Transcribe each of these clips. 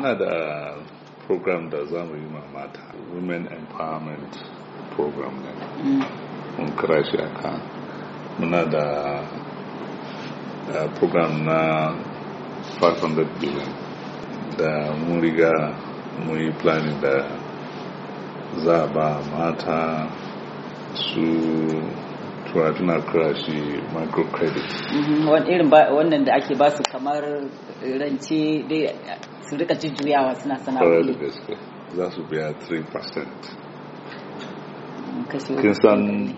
Muna da program da za mu yi mamata Women Empowerment Program ne. Mm. Mun kira shi aka. Muna da program na 500 billion da mun riga mun yi planning da za ba mata su tura tana kira shi microcredit mhm, wannan da ake basu kamar rance dai su rika jujjuyawa suna gaske za su biya 3% mm, kin san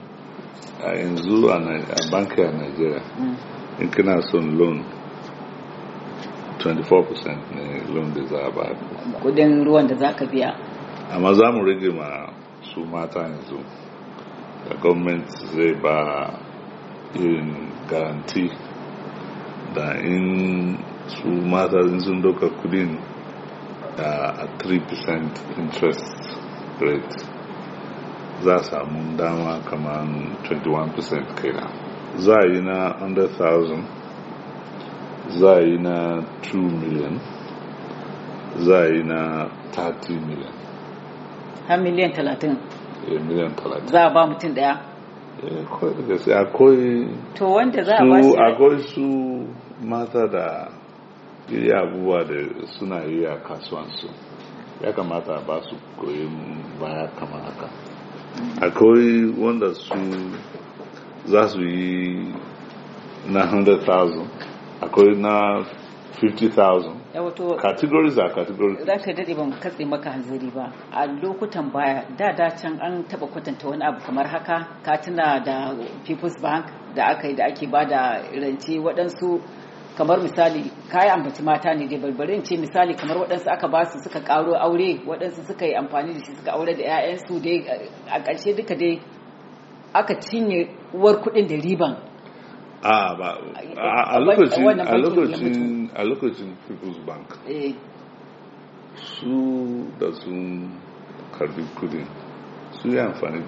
a yanzu a banki a nigeria mm. in kina son loan 24% ne loan da za a ba kudin ruwan da za ka biya amma za mu rage ma su mata yanzu da gwamnati zai ba irin garanti da in su mata sun doka kudin da a 3% interest rate za a samu dama kamar 21% kenan za a yi na 100,000 za a yi na 2 million za a yi na 30 million har miliyan 30 miliyan talatin za a ba mutum daya akwai to wanda za a ba eh, su akwai su mata da iri abubuwa da suna yi a kasuwansu ya kamata ba su koyin baya kama haka akwai wanda su za su yi na 100,000 akwai na 50,000 categories are categories za ka daɗe ba katse maka hanzari ba a lokutan baya da da can an taba kwatanta wani abu kamar haka ka tuna da people's bank da aka yi da ake ba da rance waɗansu kamar misali kayi ambaci mata ne dai barbarin ce misali kamar waɗansu aka ba su suka ƙaro aure waɗansu suka yi amfani da shi suka aure da 'ya'yansu dai a ƙarshe duka dai aka cinye uwar kuɗin da riban Ah, a ba lokacin lokacin people's bank eh. su da sun karbi kudin su yi amfani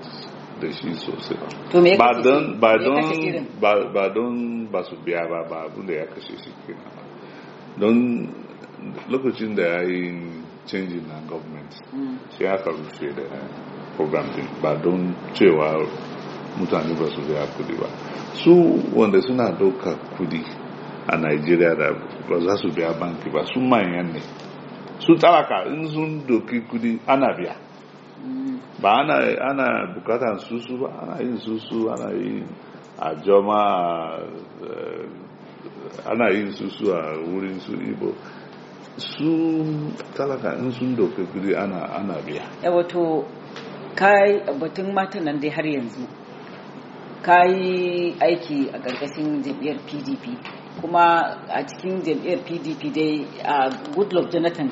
da shi sosai ba don ba don su biya ba ba abin da ya kashe shi don lokacin da ya yi canji na government mm. shi ya karbi fiye da program din ba don cewa mutane ba su biya kudi ba su wanda suna doka kudi a nigeria da ba za su biya banki ba su manyan ne su talaka in sun doki kudi ana biya ba ana bukata susu ba ana yin susu ana yin a joma ana yin susu a wurin su ibo su talaka in sun doki kudi ana biya wato e kai batun ndị nan dai har yanzu ka yi aiki a ƙarƙashin jam'iyyar pdp kuma a cikin jam'iyyar pdp dai a goodluck jonathan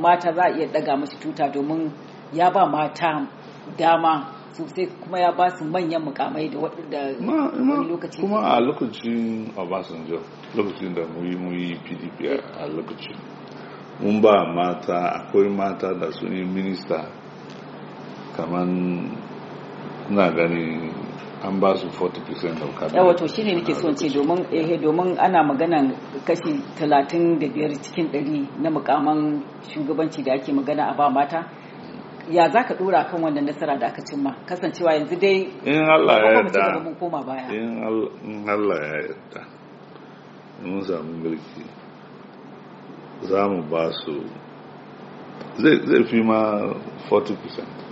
mata za a iya daga mashi tuta domin ya ba mata dama sosai kuma ya ba su manyan mukamai da wani lokaci kuma a lokacin obasanjo lokacin da muyi muyi pdp a lokacin mun ba mata akwai mata da sun yi minista kamar na ganin an ba su 40% of cabinet wato shi ne nake son ce domin eh domin ana maganan kashi 35 cikin 100 na mukaman shugabanci da ake magana a ba mata ya za ka dora kan wannan nasara da aka cimma kasancewa yanzu dai in Allah ya yarda mun koma baya in Allah ya yarda mun samu mulki za mu ba su zai fi ma 40%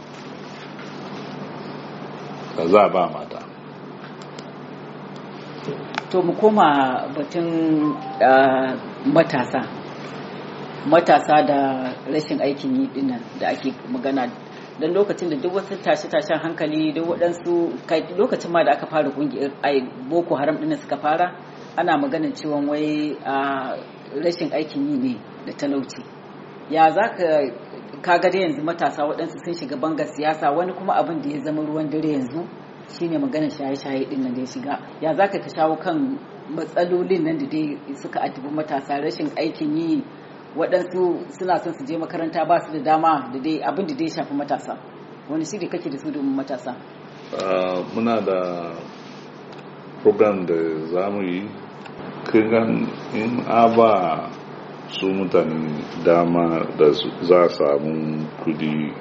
da za ba mata to mu koma batun matasa matasa da rashin aikin yi dinnan da ake magana don lokacin da duk wasu tashe-tashen hankali duk waɗansu lokacin ma da aka fara kungiyar boko haram dinnan suka fara ana maganin cewa wai rashin aikin yi ne da talauci ya za ka kaga dai yanzu matasa waɗansu sun shiga bangar siyasa wani kuma abin da ya zama ruwan dare yanzu shine maganar shaye-shaye din nan da ya shiga ya zaka ka shawo kan matsalolin nan da dai suka addabi matasa rashin aikin yi waɗansu suna son su je makaranta ba su da dama da dai abin da dai shafi matasa wani shiri kake da su domin matasa muna da program da za mu yi kan in a ba su mutanen dama da za samu kudi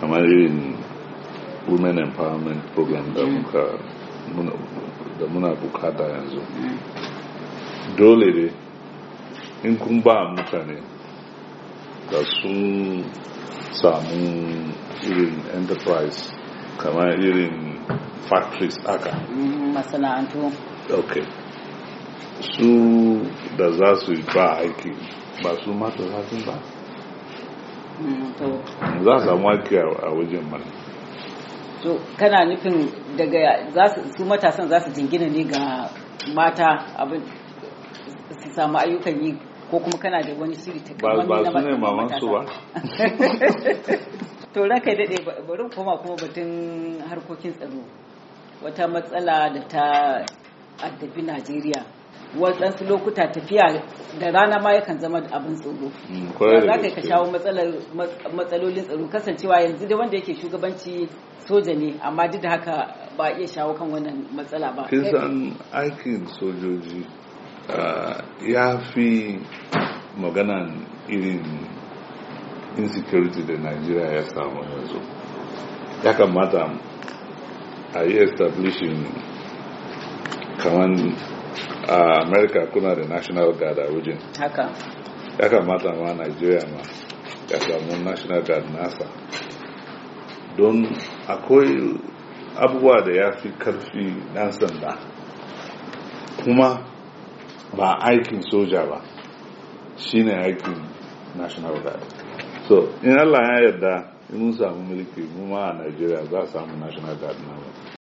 kamar irin women empowerment program da mm. muka da muna bukata yanzu dole ne in kun ba mutane da sun samu irin enterprise kamar irin factories aka mm, masana'antu ok su da za su ba aiki ba su mata zafin ba za a samu aiki a wajen mana to kana nufin daga su matasan za su jingina ne ga mata abin su samu ayyukan yi ko kuma kana da wani shiri ta kamar ba su ne maman su ba to ranka daɗe bari koma kuma batun harkokin tsaro wata matsala da ta addabi najeriya wadansu lokuta tafiya da rana ma yakan zama abin tsoro mm, za ka ka shawo matsalolin tsaro kasancewa yanzu da wanda yake shugabanci soja ne amma duk da haka ba iya shawo kan wannan matsala ba kisan aikin sojoji ya fi maganan irin insecurity da nigeria ya samu yanzu ya kamata a yi establishing kamar a america kuna da national guard a wajen haka ya kamata ma nigeria ma ya samu national guard nasa don akwai abubuwa da ya fi karfi dan sanda kuma ba aikin soja ba shine aikin national guard so in allah ya yarda in mun samu mulki mu ma a nigeria za a samu national guard namu